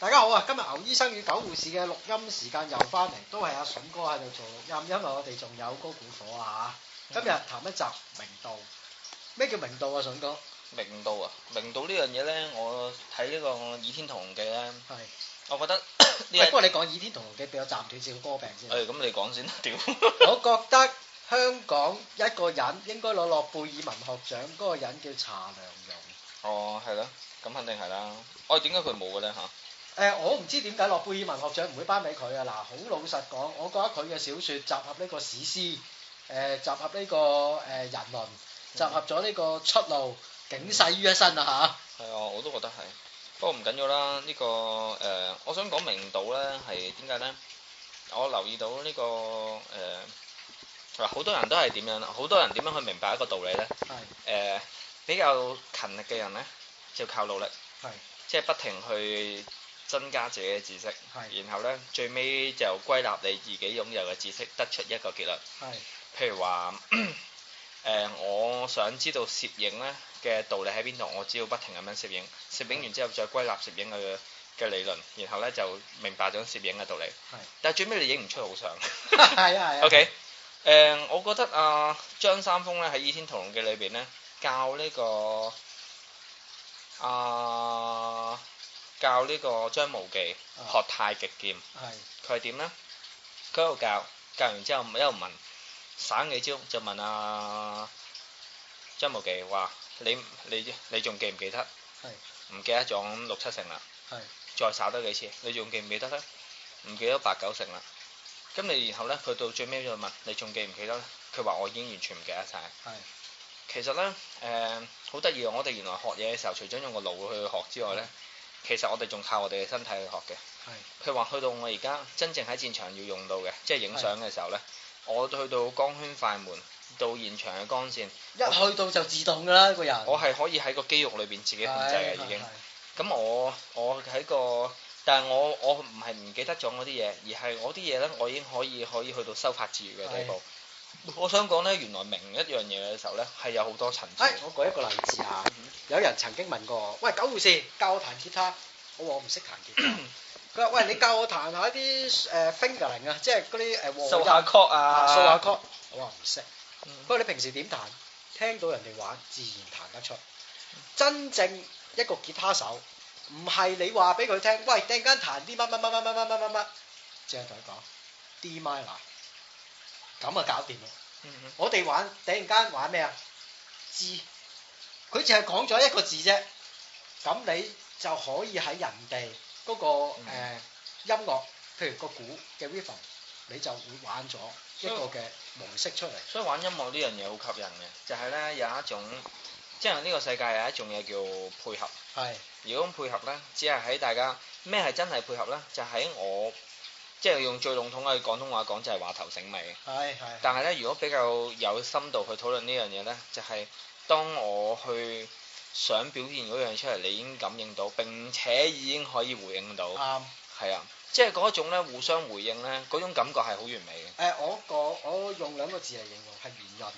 大家好啊！今日牛醫生與狗護士嘅錄音時間又翻嚟，都係阿筍哥喺度做錄音，因為我哋仲有嗰股火啊！今日談一集明道，咩叫明道啊？筍哥，明道啊！明道呢樣嘢咧，我睇呢個《倚天屠龍記》咧，我覺得不過你講《倚天屠龍記》俾我暫斷少個歌病先。誒、哎，咁你講先 我覺得香港一個人應該攞諾貝爾文學獎嗰個人叫查良鏞。哦，係咯，咁肯定係啦。哦、哎，點解佢冇嘅咧嚇？啊誒、呃，我唔知點解諾貝爾文學獎唔會頒俾佢啊！嗱，好老實講，我覺得佢嘅小説集合呢個史詩，誒、呃，集合呢、這個誒、呃、人倫，集合咗呢個出路，警世、嗯、於一身啦、啊、吓，係啊，我都覺得係。不過唔緊要啦，呢、這個誒、呃，我想講明道咧係點解咧？我留意到呢、這個誒，好、呃、多人都係點樣好多人點樣去明白一個道理咧？係誒是、呃，比較勤力嘅人咧，就靠努力。係是。即係不停去。增加自己嘅知識，的然後咧最尾就歸納你自己擁有嘅知識，得出一個結論。的譬如話，誒、呃、我想知道攝影咧嘅道理喺邊度，我只要不停咁樣攝影，攝影完之後再歸納攝影嘅嘅理論，然後咧就明白咗攝影嘅道理。的但係最尾你影唔出好相。係啊係啊。 OK，誒、呃、我覺得啊張、呃、三豐咧喺《倚天屠龍記》裏邊咧教呢、這個啊。呃呃教呢個張無忌學太極劍，佢係點咧？佢喺度教，教完之後，又問耍幾招，就問阿張無忌話：你你你仲記唔記得？唔記得咗六七成啦，再耍多幾次，你仲記唔記得咧？唔記得八九成啦。咁你然後咧，佢到最尾再問你仲記唔記得咧？佢話：我已經完全唔記得晒。其實咧，誒好得意啊！我哋原來學嘢嘅時候，除咗用個腦去學之外咧。其實我哋仲靠我哋嘅身體去學嘅，譬如話是去到我而家真正喺戰場要用到嘅，即係影相嘅時候呢，是我去到光圈快門，到現場嘅光線，一去到就自動噶啦，個人，我係可以喺個肌肉裏邊自己控制嘅已經。咁我我喺個，但係我我唔係唔記得咗我啲嘢，而係我啲嘢呢，我已經可以可以去到收發自如嘅地步。是我想講咧，原來明一樣嘢嘅時候咧，係有好多層次，哎。我舉一個例子啊，有人曾經問過，喂，狗護士教我彈吉他，我話我唔識彈吉他。佢話， 喂，你教我彈下一啲誒 fingerling 啊，即係嗰啲誒和音啊，數下曲啊，啊，數下曲。我話唔識。不過、嗯、你平時點彈？聽到人哋玩，自然彈得出。真正一個吉他手，唔係你話俾佢聽，喂，突然間彈啲乜乜乜乜乜乜乜乜，淨係同佢講，D minor。咁啊搞掂啦！Mm hmm. 我哋玩突然間玩咩啊？字，佢淨係講咗一個字啫。咁你就可以喺人哋嗰、那個誒、mm hmm. 呃、音樂，譬如個鼓嘅 rhythm 你就會玩咗一個嘅模式出嚟。所以玩音樂呢樣嘢好吸引嘅，就係、是、咧有一種，即係呢個世界有一種嘢叫配合。係是，如果咁配合咧，只係喺大家咩係真係配合咧？就喺、是、我。即係用最籠統嘅廣東話講，就係話頭醒尾。係係。但係咧，如果比較有深度去討論呢樣嘢咧，就係當我去想表現嗰樣出嚟，你已經感應到，並且已經可以回應到。啱。係啊，即係嗰種咧互相回應咧，嗰種感覺係好完美嘅。誒，我個我用兩個字嚟形容係圓潤。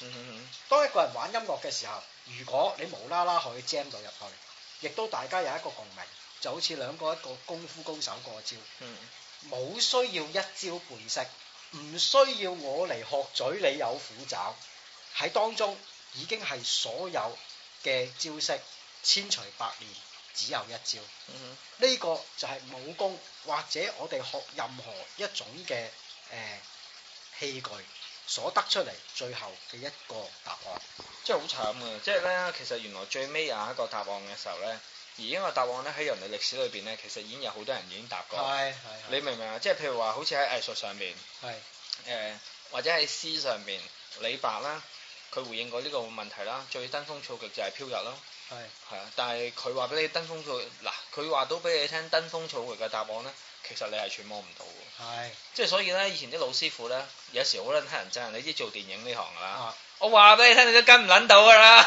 嗯嗯嗯。當一個人玩音樂嘅時候，如果你無啦啦可以 jam 到入去，亦都大家有一個共鳴，就好似兩個一個功夫高手過招。嗯。冇需要一招半式，唔需要我嚟學嘴有苦，你有虎爪喺當中，已經係所有嘅招式千錘百煉，只有一招。呢、嗯、哼個就係武功或者我哋學任何一種嘅誒、呃、器具所得出嚟最後嘅一個答案。即係好慘啊！即係咧，其實原來最尾有一個答案嘅時候咧。而呢個答案咧，喺人類歷史裏邊咧，其實已經有好多人已經答過。係係。你明唔明啊？即係譬如話，好似喺藝術上面，係誒對、呃、或者喺詩上面，李白啦，佢回應過呢個問題啦。最登峰造極就係飄逸咯。係係啊，但係佢話俾你登峰造，嗱佢話到俾你聽登峰造極嘅答案咧，其實你係揣摩唔到㗎。對即係所以咧，以前啲老師傅咧，有時好多人聽人真，你知做電影呢行㗎啦。我話俾你聽，你都跟唔捻到噶啦，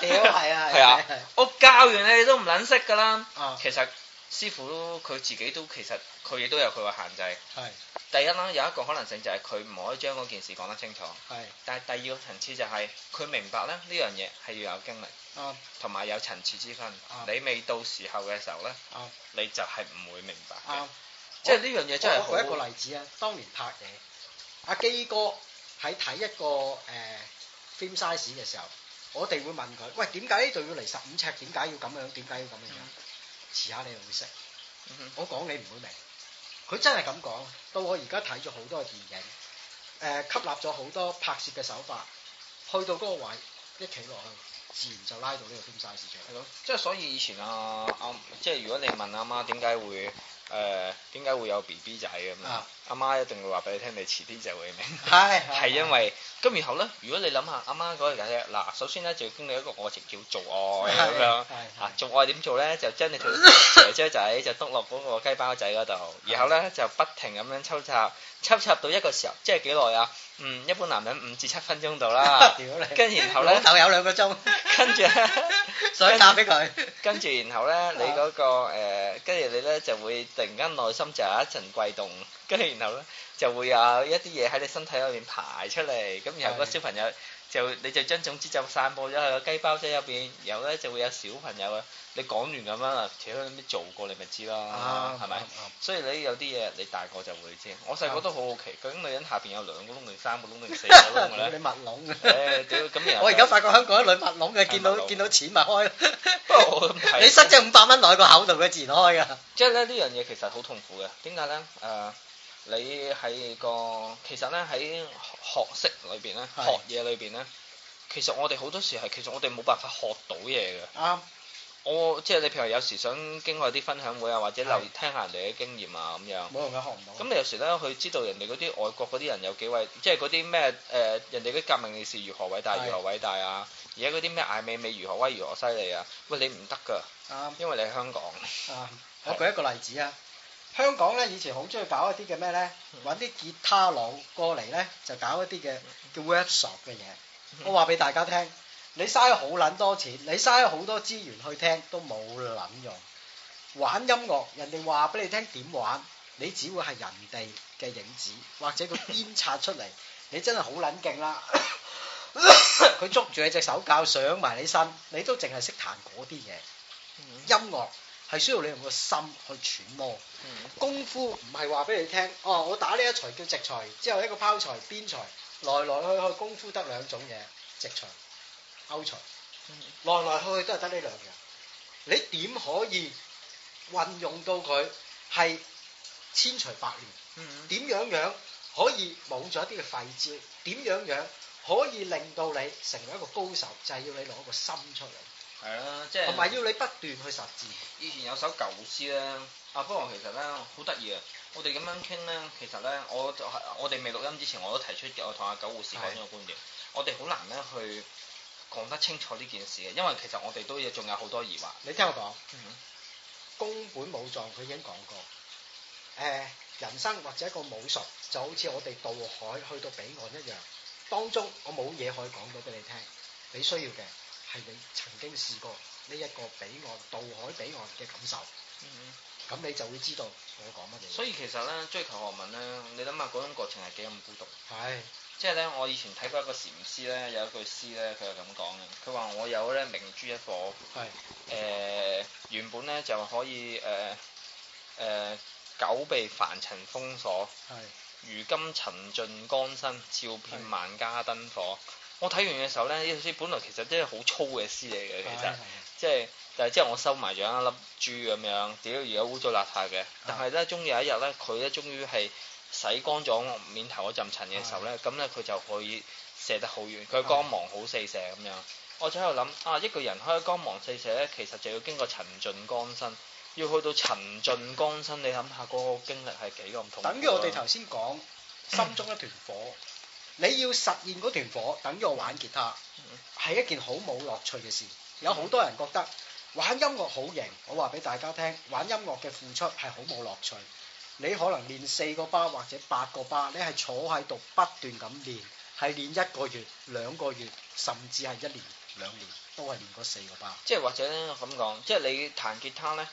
屌，係啊係啊，我教完你都唔捻識噶啦。其實師傅都佢自己都其實佢亦都有佢個限制。係第一啦，有一個可能性就係佢唔可以將嗰件事講得清楚。係，但係第二個層次就係佢明白咧，呢樣嘢係要有經歷，同埋有層次之分。你未到時候嘅時候咧，你就係唔會明白，即係呢樣嘢真係好。舉一個例子啊，當年拍嘢，阿基哥喺睇一個誒。film size 嘅時候，我哋會問佢：喂，點解呢度要嚟十五尺？點解要咁樣？點解要咁樣？遲下、嗯、你又會識，嗯、哼我講你唔會明。佢真係咁講。到我而家睇咗好多電影，誒、呃，吸納咗好多拍攝嘅手法，去到嗰個位一企落去，自然就拉到呢個 film size 出嚟。係咯、嗯，即係所以以前啊，阿、嗯，即係如果你問阿媽點解會誒點解會有 B B 仔咁啊？阿媽一定會話俾你聽，你遲啲就會明。係係，因為咁然後咧，如果你諗下阿媽嗰樣嘢，嗱，首先咧就要經歷一個愛情叫做愛咁樣。係係。啊，做愛點做咧？就將你條肥蕉仔就篤落嗰個雞包仔嗰度，然後咧就不停咁樣抽插，抽插到一個時候，即係幾耐啊？嗯，一般男人五至七分鐘度啦。屌你！跟然後咧，就有兩個鐘。跟住所以打俾佢。跟住然後咧，你嗰個誒，跟住你咧就會突然間內心就有一陣悸動。跟住然後咧就會有一啲嘢喺你身體裏邊排出嚟，咁然後個小朋友就你就將種子就散播咗喺個雞包仔入邊，然後咧就會有小朋友咧，你講完咁樣啦，屌你做過你咪知咯，係咪？所以你有啲嘢你大個就會知，我細個都好好奇，究竟女人下邊有兩個窿定三個窿定四個窿嘅咧？ 你密窿、啊，咁、哎、 我而家發覺香港一女密窿嘅，蜂蜂見到蜂見到錢密開， 不過不 你塞隻五百蚊落喺個口度，佢自然開㗎。即係咧呢樣嘢其實好痛苦嘅，點解咧？誒、啊。你喺個其實咧喺學識裏邊咧學嘢裏邊咧，其實我哋好多時係其實我哋冇辦法學到嘢嘅。啱，我即係你譬如有時想經過啲分享會啊，或者留意聽下人哋嘅經驗啊咁樣。冇用嘅，學唔到。咁你有時咧，佢知道人哋嗰啲外國嗰啲人有幾位，即係嗰啲咩誒人哋嗰啲革命烈士如何偉大如何偉大啊，而家嗰啲咩艾美美如何威如何犀利啊，喂，你唔得㗎，因為你喺香港。啱，我舉一個例子啊。香港咧以前好中意搞一啲嘅咩咧，搵啲吉他佬過嚟咧就搞一啲嘅叫 workshop 嘅嘢。我話俾大家聽，你嘥咗好捻多錢，你嘥咗好多資源去聽都冇捻用。玩音樂，人哋話俾你聽點玩，你只會係人哋嘅影子，或者佢編擦出嚟，你真係好捻勁啦！佢 捉住你隻手教，上埋你身，你都淨係識彈嗰啲嘢，音樂。係需要你用個心去揣摩，嗯、功夫唔係話俾你聽，哦，我打呢一才叫直才，之後一個拋才、邊才，來來去去功夫得兩種嘢，直才、勾才，嗯、來來去去都係得呢兩樣，你點可以運用到佢係千才百變？點、嗯、樣樣可以冇咗一啲嘅廢招？點樣樣可以令到你成為一個高手？就係、是、要你攞一個心出嚟。係啦、啊，即係同埋要你不斷去實踐。以前有首舊詩咧，阿輝煌其實咧好得意啊。我哋咁樣傾咧，其實咧，我就我哋未錄音之前，我都提出嘅，我同阿、啊、九護士講咗個觀點。的我哋好難咧去講得清楚呢件事嘅，因為其實我哋都仲有好多疑惑。你聽我講，宮、嗯、本武藏佢已經講過，誒、呃、人生或者一個武術就好似我哋渡海去到彼岸一樣，當中我冇嘢可以講到俾你聽，你需要嘅。係你曾經試過呢一個彼岸渡海彼岸嘅感受，咁、嗯嗯、你就會知道我講乜嘢。所以其實咧，追求學問咧，你諗下嗰種過程係幾咁孤獨。係是，即係咧，我以前睇過一個禪師咧，有一句詩咧，佢係咁講嘅。佢話我有咧明珠一顆。是」係、呃，誒原本咧就可以誒誒、呃呃、久被凡塵封鎖，係是，如今塵盡光身，照遍萬家燈火。是我睇完嘅時候咧，呢條絲本來其實真係好粗嘅絲嚟嘅，其實、嗯、即係、就是，但係之後我收埋咗一粒珠咁樣，屌而家污糟邋遢嘅。但係咧，終於有一日咧，佢咧終於係洗乾咗面頭嗰陣塵嘅時候咧，咁咧佢就可以射得好遠，佢光芒好四射咁樣。嗯、我就喺度諗啊，一個人可以光芒四射咧，其實就要經過塵盡光身，要去到塵盡光身，你諗下嗰、那個經歷係幾咁痛。等於我哋頭先講心中一團火。 你要實現嗰團火，等於我玩吉他，係一件好冇樂趣嘅事。有好多人覺得玩音樂好型，我話俾大家聽，玩音樂嘅付出係好冇樂趣。你可能練四個八或者八個八，你係坐喺度不斷咁練，係練一個月、兩個月，甚至係一年、兩年，都係練嗰四個八。即係或者咧，咁講，即係你彈吉他呢，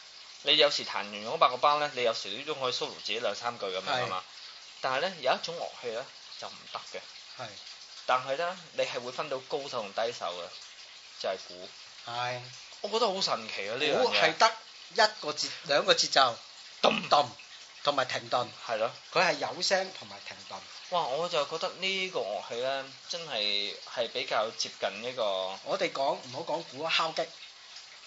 你有時彈完嗰八個八呢，你有時都可以 s o 自己兩三句咁樣嘛。是但係呢，有一種樂器呢，就唔得嘅。係，是但係咧，你係會分到高手同低手嘅，就係、是、鼓。係是，我覺得好神奇啊！呢樣嘢係得一個節兩個節奏，咚咚同埋停頓，係咯的，佢係有聲同埋停頓。哇！我就覺得呢個樂器咧，真係係比較接近呢個。我哋講唔好講鼓，敲擊，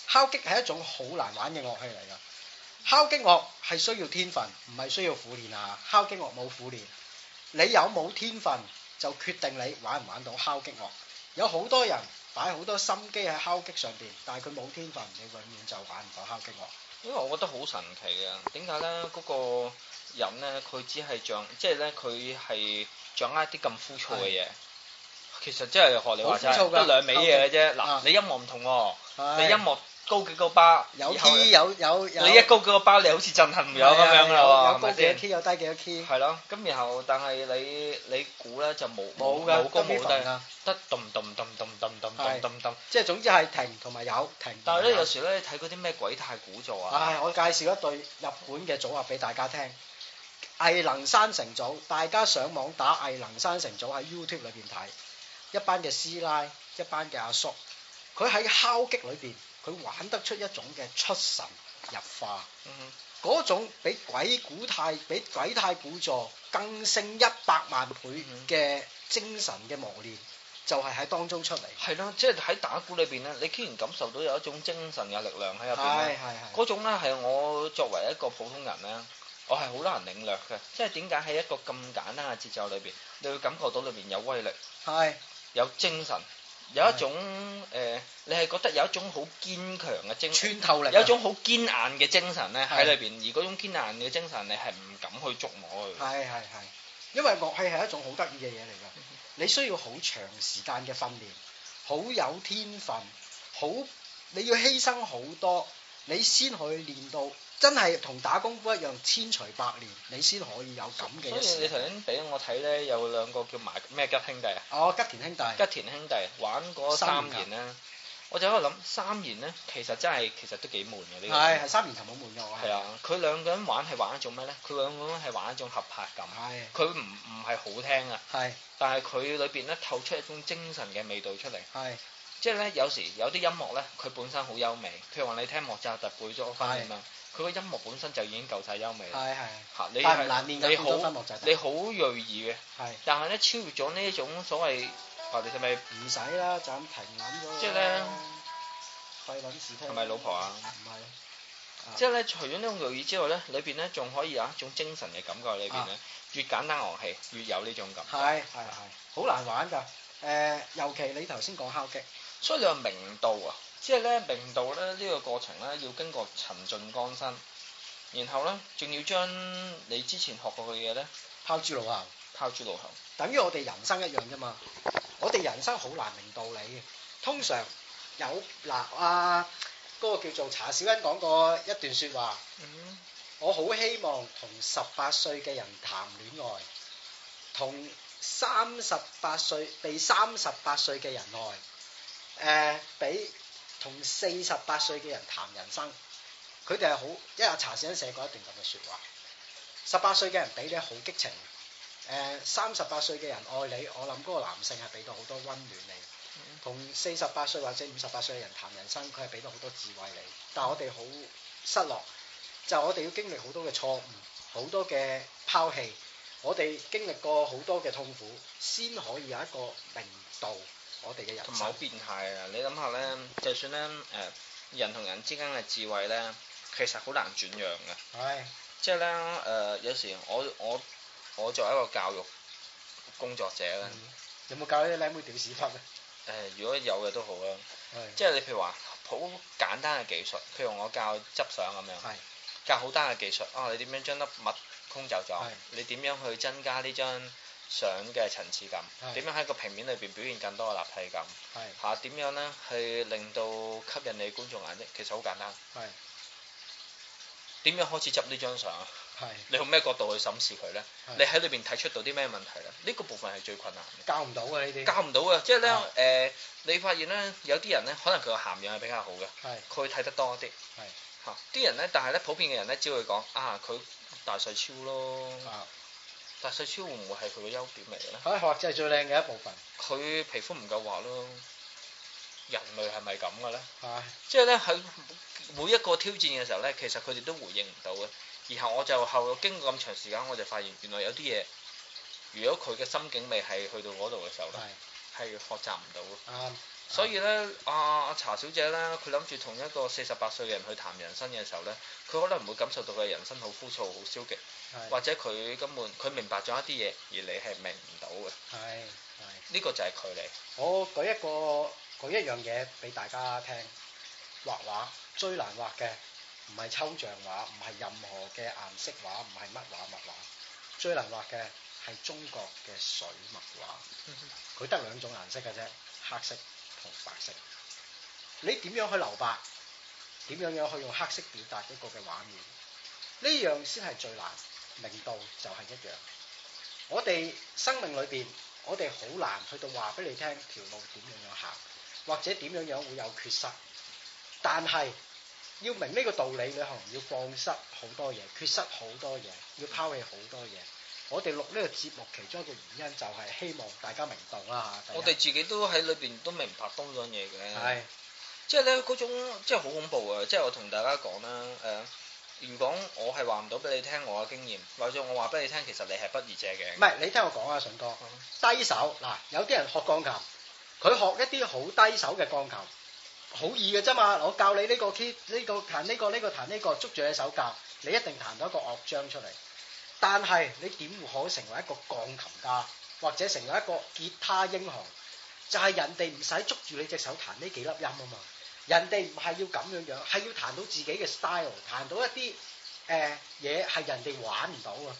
敲擊係一種好難玩嘅樂器嚟㗎。敲擊樂係需要天分，唔係需要苦練啊！敲擊樂冇苦練，你有冇天分？就決定你玩唔玩到敲擊樂。有好多人擺好多心機喺敲擊上邊，但係佢冇天分，你永遠就玩唔到敲擊樂。因為我覺得好神奇嘅，點解咧？嗰個人咧，佢只係掌，即係咧，佢係掌握一啲咁枯燥嘅嘢。的其實真係學你話齋，得兩味嘢嘅啫。嗱，你音樂唔同喎，的你音樂。高幾個巴有 K 有有有你一高幾個巴你又好似震撼有咁樣嘅啦，有高幾個 K 有低幾個 K？係咯，咁然後但係你你估咧就冇冇嘅冇高冇低啊！得咚咚咚咚咚咚咚咚咚，即係總之係停同埋有停。但係咧有時咧睇嗰啲咩鬼太鼓做啊！唉，我介紹一對日本嘅組合俾大家聽，藝能山城組，大家上網打藝能山城組喺 YouTube 裏邊睇，一班嘅師奶，一班嘅阿叔，佢喺敲擊裏邊。佢玩得出一種嘅出神入化，嗰、嗯、哼種比鬼古太比鬼太鼓座更勝一百萬倍嘅精神嘅磨練，嗯、哼就係喺當中出嚟。係咯，即係喺打鼓裏邊咧，你竟然感受到有一種精神嘅力量喺入邊。係係係。嗰種咧係我作為一個普通人咧，我係好難領略嘅。即係點解喺一個咁簡單嘅節奏裏邊，你會感覺到裏邊有威力，的有精神。有一種誒是、呃，你係覺得有一種好堅強嘅精神穿透力，有一種好堅硬嘅精神咧喺裏邊，是而嗰種堅硬嘅精神你係唔敢去捉摸嘅。係係係，因為樂器係一種好得意嘅嘢嚟㗎，你需要好長時間嘅訓練，好有天分，好你要犧牲好多，你先可以練到。真係同打功夫一樣，千錘百煉，你先可以有咁嘅。所以你頭先俾我睇咧，有兩個叫埋咩吉兄弟啊？哦，吉田兄弟。吉田兄弟玩嗰三年咧，我就喺度諗三年咧，其實真係其實都幾悶嘅呢個。係係三年頭好悶嘅，我係啊！佢兩個人玩係玩一種咩咧？佢兩個人係玩一種合拍感。係。佢唔唔係好聽啊。係。但係佢裏邊咧透出一種精神嘅味道出嚟。係。即係咧，有時有啲音樂咧，佢本身好優美，譬如話你聽莫扎特、貝多芬咁樣。佢個音樂本身就已經夠曬優美，係，係嚇，你係你好你好銳意嘅，係，但係咧超越咗呢一種所謂，啊你使唔使唔使啦，就咁停咁咗，即係咧費撚事，係咪老婆啊？唔係，即係咧除咗呢種銳意之外咧，裏邊咧仲可以有一種精神嘅感覺。裏邊咧，越簡單樂器越有呢種感覺，係係係，好難玩噶，誒尤其你頭先講敲擊，所以你話明度啊？即係咧明道咧呢、這個過程咧要經過沉盡躬身，然後咧仲要將你之前學過嘅嘢咧拋諸腦後。拋諸腦後，等於我哋人生一樣啫嘛。我哋人生好難明道理嘅，通常有嗱啊，嗰、那個叫做查小欣講過一段說話，嗯、我好希望同十八歲嘅人談戀愛，同三十八歲被三十八歲嘅人愛，誒、呃、俾。同四十八歲嘅人談人生，佢哋係好一日，查市都寫過一段咁嘅説話。十八歲嘅人俾你好激情，誒三十八歲嘅人愛你，我諗嗰個男性係俾到好多温暖你。同四十八歲或者五十八歲嘅人談人生，佢係俾到好多智慧你，但我哋好失落，就係、我哋要經歷好多嘅錯誤，好多嘅拋棄，我哋經歷過好多嘅痛苦，先可以有一個明道。我哋嘅人生，同埋好變態啊！你諗下咧，就算咧誒、呃、人同人之間嘅智慧咧，其實好難轉讓嘅。係的，即係咧誒有時我我我作為一個教育工作者咧、嗯嗯，有冇教呢啲靚妹屌屎忽啊？誒、呃、如果有嘅都好啦，即係的你譬如話好簡單嘅技術，譬如我教執相咁樣，的教好單嘅技術啊，你點樣將粒物空走咗？的你點樣去增加呢張？相嘅層次感，點樣喺個平面裏邊表現更多嘅立體感？嚇點樣咧去令到吸引你觀眾眼睛？其實好簡單。點樣開始執呢張相？你用咩角度去審視佢咧？你喺裏邊睇出到啲咩問題咧？呢個部分係最困難嘅。教唔到嘅呢啲。教唔到嘅，即係咧誒，你發現咧有啲人咧，可能佢嘅涵養係比較好嘅，佢會睇得多啲。嚇，啲人咧，但係咧普遍嘅人咧，只會講啊，佢大細超咯。但細超會唔會係佢個優點嚟嘅咧？或者係最靚嘅一部分。佢皮膚唔夠滑咯。人類係咪咁嘅咧？係的，即係咧，佢每一個挑戰嘅時候咧，其實佢哋都回應唔到嘅。然後我就後嚟經過咁長時間，我就發現原來有啲嘢，如果佢嘅心境未係去到嗰度嘅時候咧，係的學習唔到嘅。嗯所以咧，阿、啊、阿茶小姐咧，佢諗住同一個四十八歲嘅人去談人生嘅時候咧，佢可能唔會感受到佢人生好枯燥、好消極，是或者佢根本佢明白咗一啲嘢，而你係明唔到嘅。係係，呢個就係距離。我舉一個舉一樣嘢俾大家聽，畫畫最難畫嘅唔係抽象畫，唔係任何嘅顏色畫，唔係乜畫乜畫，最難畫嘅係中國嘅水墨畫。佢得兩種顏色嘅啫，黑色，白色，你點樣去留白？點樣樣去用黑色表達一個嘅畫面？呢樣先係最難，明度就係一樣。我哋生命裏邊，我哋好難去到話俾你聽條路點樣樣行，或者點樣樣會有缺失。但係要明呢個道理，你可能要放失好多嘢，缺失好多嘢，要拋棄好多嘢。我哋錄呢個節目其中一個原因就係希望大家明白啦，我哋自己都喺裏邊都明白多咗嘢嘅，即係咧嗰種即係好恐怖嘅，即係我同大家講啦，誒、呃，如果我係話唔到俾你聽我嘅經驗，或者我話俾你聽，其實你係不二者嘅，唔係你聽我講啊，順哥，低手嗱，有啲人學鋼琴，佢學一啲好低手嘅鋼琴，好易嘅啫嘛，我教你呢、這個 key，呢、這個彈呢、這個呢、這個彈呢、這個這個，捉住你手教，你一定彈到一個樂章出嚟。但係你點會可以成為一個鋼琴家，或者成為一個吉他英雄？就係、是、人哋唔使捉住你隻手彈呢幾粒音啊嘛！人哋唔係要咁樣樣，係要彈到自己嘅 style，彈到一啲誒嘢係人哋玩唔到啊！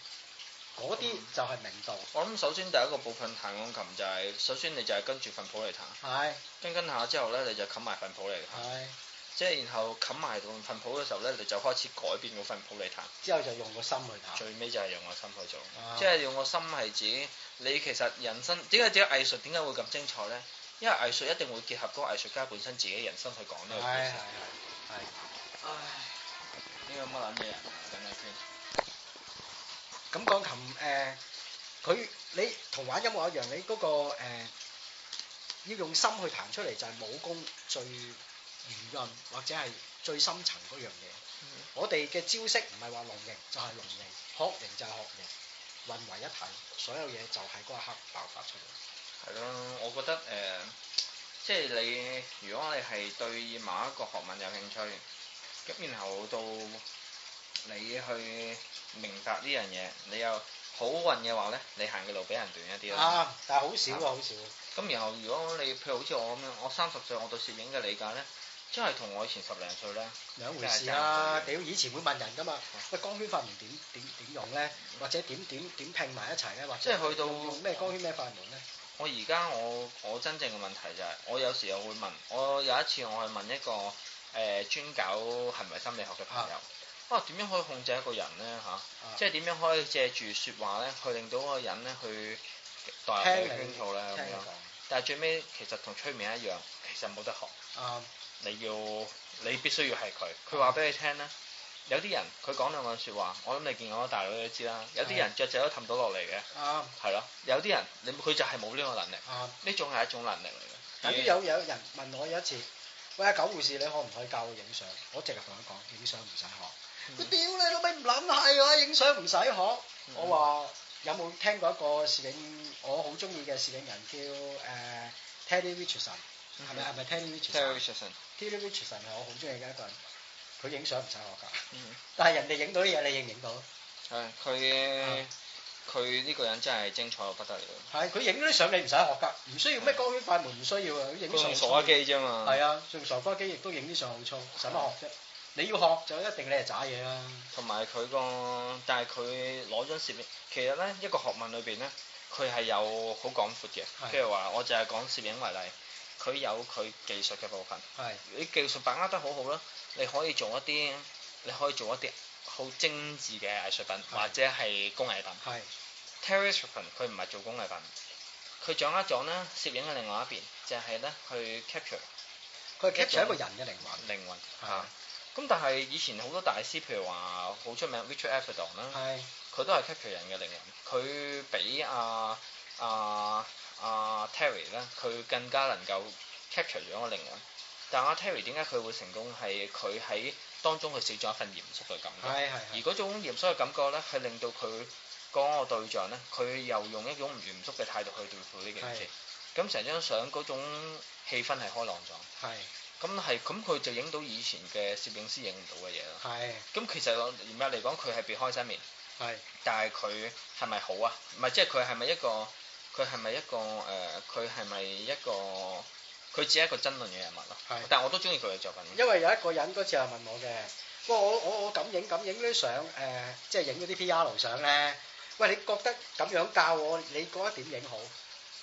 嗰啲就係明道。我諗首先第一個部分彈鋼琴就係、是，首先你就係跟住份譜嚟彈，是跟跟下之後咧你就冚埋份譜嚟彈。是即係然後冚埋份譜嘅時候咧，你就開始改變嗰份譜嚟彈。之後就用個心去彈。最尾就係用個心去做。啊、即係用個心係指你其實人生點解只藝術點解會咁精彩咧？因為藝術一定會結合個藝術家本身自己人生去講呢個故事。係係係。係。唉。呢個乜撚嘢啊？等下先。咁鋼琴誒，佢你同玩音樂一樣，你嗰、嗰個、呃、要用心去彈出嚟，就係武功最圓潤或者係最深層嗰樣嘢，嗯、我哋嘅招式唔係話龍形就係、是、龍形，的學形就係學形，混為一體，所有嘢就係嗰一刻爆發出嚟。係咯，我覺得誒、呃，即係你如果你係對某一個學問有興趣，咁然後到你去明白呢樣嘢，你又好運嘅話咧，你行嘅路比人短一啲啦。啊，但係的好少啊，好少。咁然後如果你譬如好似我咁樣，我三十歲，我對攝影嘅理解咧。即係同我以前十零歲咧兩回事啊！屌以前會問人㗎嘛。喂，光圈快門點點點用咧，或者點點點拼埋一齊咧，或者即係去到咩光圈咩快門咧？我而家我我真正嘅問題就係我有時又會問，我有一次我係問一個誒專搞行為心理學嘅朋友，哇點樣可以控制一個人咧嚇？即係點樣可以借住説話咧去令到嗰個人咧去代入圈套咧咁樣，但係最尾其實同催眠一樣，其實冇得學。你要你必須要係佢，佢話俾你聽啦，有啲人佢講兩句説話，我諗你見我大佬都知啦。有啲人雀仔都氹到落嚟嘅，係咯的。有啲人你佢就係冇呢個能力，呢的種係一種能力嚟嘅。有有有人問我有一次，喂狗護士你可唔可以教我影相？我直頭同佢講影相唔使學。佢屌你老味唔撚係啊！影相唔使學。我話有冇聽過一個攝影我好中意嘅攝影人叫誒、呃、Teddy Richardson。係咪係咪聽 TV Action？TV Action，TV Action 啊！我好中意嘅一個人，佢影相唔使學噶， 但係人哋影到啲嘢，你影唔影到？係佢，佢呢、嗯、個人真係精彩到不得了。係佢影咗啲相，你唔使學噶，唔需要咩光圈快門，唔需要，需要啊！影啲相。用傻瓜機啫嘛。係啊，用傻瓜機亦都影啲相好粗，使乜學啫？你要學就一定你係渣嘢啦。同埋佢個，但係佢攞張攝影，其實咧一個學問裏邊咧，佢係有好廣闊嘅。譬如話，我淨係講攝影為例。佢有佢技術嘅部分，你是的 技術把握得好好咧，你可以做一啲，你可以做一啲好精緻嘅藝術品是的 或者係工藝品是的。係，Terry 部分佢唔係做工藝品，佢掌握咗咧攝影嘅另外一邊，就係、是、咧去 capture，佢 capture 一個人嘅靈魂。靈魂嚇，咁是的、啊、但係以前好多大師，譬如話好出名 Richard Avedon 啦，佢都係 capture 人嘅靈魂。佢畀阿阿。啊啊啊啊啊啊阿、uh, Terry 咧，佢更加能夠 capture 咗個靈魂。但阿、啊、Terry 點解佢會成功？係佢喺當中佢寫咗一份嚴肅嘅感覺。係係。而嗰種嚴肅嘅感覺咧，係令到佢嗰個對象咧，佢又用一種唔嚴肅嘅態度去對付呢件事。係是是、嗯。咁成張相嗰種氣氛係開朗咗。係是是。咁係咁，佢就影到以前嘅攝影師影唔到嘅嘢啦。係是是、嗯。咁、嗯、其實嚴格嚟講，佢係被開心面。係。是是 但係佢係咪好啊？唔係，即係佢係咪一個？佢係咪一個誒？佢係咪一個？佢、呃、只係一個爭論嘅人物咯。係的，但我都中意佢嘅作品。因為有一個人嗰次係問我嘅，我我我咁影咁影啲相誒，即係影嗰啲 P R 樓相咧。喂，你覺得咁樣教我，你覺得點影好？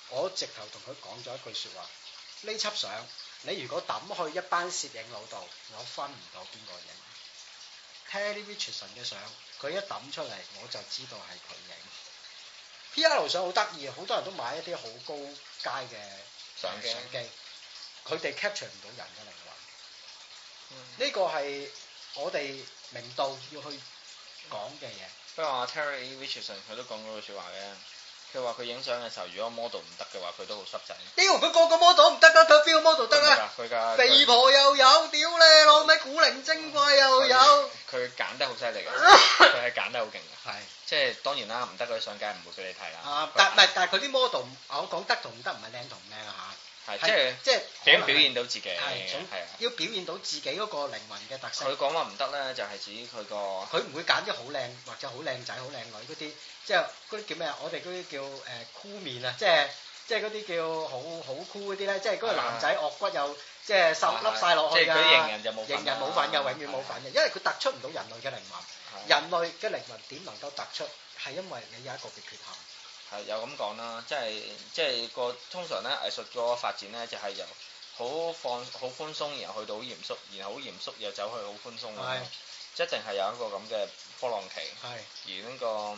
我直頭同佢講咗一句説話：呢輯相，你如果抌去一班攝影佬度，我分唔到邊個影。睇呢啲傳神嘅相，佢一抌出嚟，我就知道係佢影。呢一路上好得意啊！好多人都買一啲好高階嘅相機，佢哋相機 capture 唔到人嘅靈魂。呢、嗯、個係我哋明道要去講嘅嘢。不過阿 Terry Richardson 佢都講過句説話嘅。佢話佢影相嘅時候，如果 model 唔得嘅話，佢都好濕仔。屌，佢個個 model 唔得得，邊個 model 得啊？肥婆又有，屌你老咩古靈精怪又有。佢揀、嗯、得好犀利㗎，佢係揀得好勁㗎。係 是，即係當然啦，唔得嗰啲相梗唔會俾你睇啦。啊，但唔係，但係佢啲 model，我講得同唔得唔係靚同唔靚吓。係即係即係點表現到自己？係，要表現到自己嗰個靈魂嘅特色。佢講話唔得咧，就係、是、指佢個。佢唔會揀啲好靚或者好靚仔、好靚女嗰啲。即係嗰啲叫咩啊？我哋嗰啲叫誒酷面啊！即係即係嗰啲叫好好酷啲咧，即係嗰個男仔惡骨又即係瘦粒晒落去啊！即係佢型人就冇份，型人冇反噶，永遠冇反噶，因為佢突出唔到人類嘅靈魂。人類嘅靈魂點能夠突出？係因為你有一個嘅缺陷係又咁講啦，即係即係個通常咧藝術個發展咧就係由好放好寬鬆，然後去到好嚴肅，然後好嚴肅又走去好寬鬆啦，一定係有一個咁嘅波浪期。係而呢個。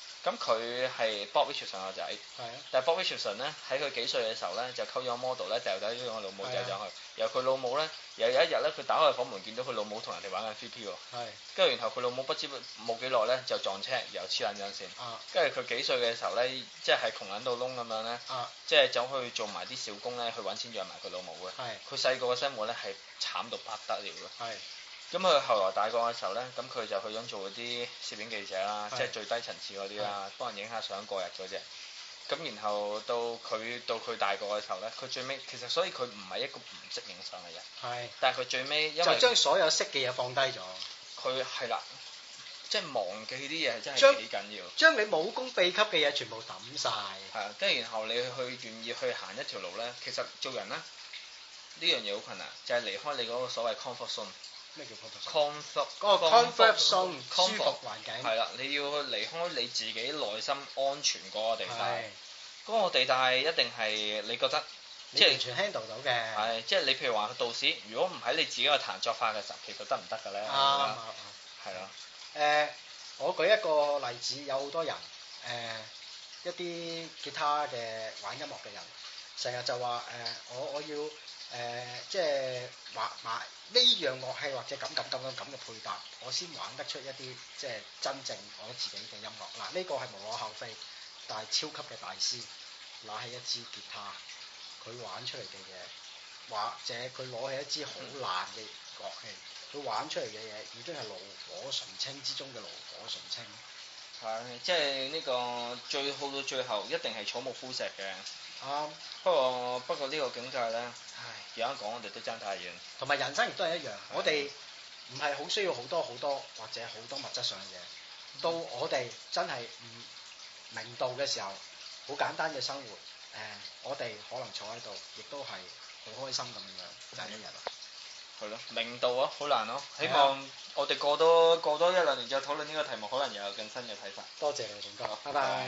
咁佢係 Bob Wilson 嘅仔，但係 Bob Wilson 咧喺佢幾歲嘅時候咧就溝咗 model 咧掉低，將佢老母掉上去。然後佢老母咧又有一日咧佢打開房門見到佢老母同人哋玩緊 VP 鏢，跟住然後佢老母不知冇幾耐咧就撞車又黐撚咗線，跟住佢幾歲嘅時候咧即係窮撚到窿咁樣咧，即係走去做埋啲小工咧去揾錢養埋佢老母嘅。佢細個嘅生活咧係慘到不得了嘅。咁佢後來大個嘅時候呢，咁佢就去咗做嗰啲攝影記者啦，是的 即係最低層次嗰啲啦，是的 幫人影下相過日嗰隻。咁然後到佢到佢大個嘅時候呢，佢最尾其實所以佢唔係一個唔識影相嘅人，係是的，但係佢最尾因為將所有識嘅嘢放低咗。佢係啦，即係、就是、忘記啲嘢真係幾緊要，將你武功秘笈嘅嘢全部抌晒，係啊，跟住然後你去願意去行一條路呢。其實做人呢，呢樣嘢好困難，就係、是、離開你嗰個所謂 comfort zone。咩叫 ir？Con folk，Con folk，Con 康復？康復嗰個康復鬆、康復環境係啦，你要去離開你自己內心安全嗰個地帶。係的，嗰個地帶一定係你覺得，即、就是、你完全 handle 到嘅。係，即係你譬如話道士，如果唔喺你自己個壇作法嘅時候，其實得唔得嘅咧？啱唔啱？係啦。誒，我舉一個例子，有好多人誒、呃，一啲吉他嘅玩音樂嘅人，成日就話誒，我我，我要誒、呃呃，即係買買。呢樣樂器或者咁咁咁咁咁嘅配搭，我先玩得出一啲即係真正我自己嘅音樂。嗱，呢個係無可厚非，但係超級嘅大師攞起一支吉他，佢玩出嚟嘅嘢，或者佢攞起一支好爛嘅樂器，佢玩出嚟嘅嘢已經係爐火純青之中嘅爐火純青。係，即係呢個最好到最後一定係草木枯石嘅。啱、啊，不過不過呢個境界咧。係，而家講我哋都爭太遠。同埋人生亦都係一樣，的我哋唔係好需要好多好多或者好多物質上嘅嘢。嗯、到我哋真係唔明道嘅時候，好簡單嘅生活，誒、嗯，我哋可能坐喺度，亦都係好開心咁樣，過緊一日。係咯、嗯，明道啊，好難咯、啊。的希望我哋過多過多一兩年再討論呢個題目，可能又有更新嘅睇法。多謝你多，專哥好，拜拜。拜拜。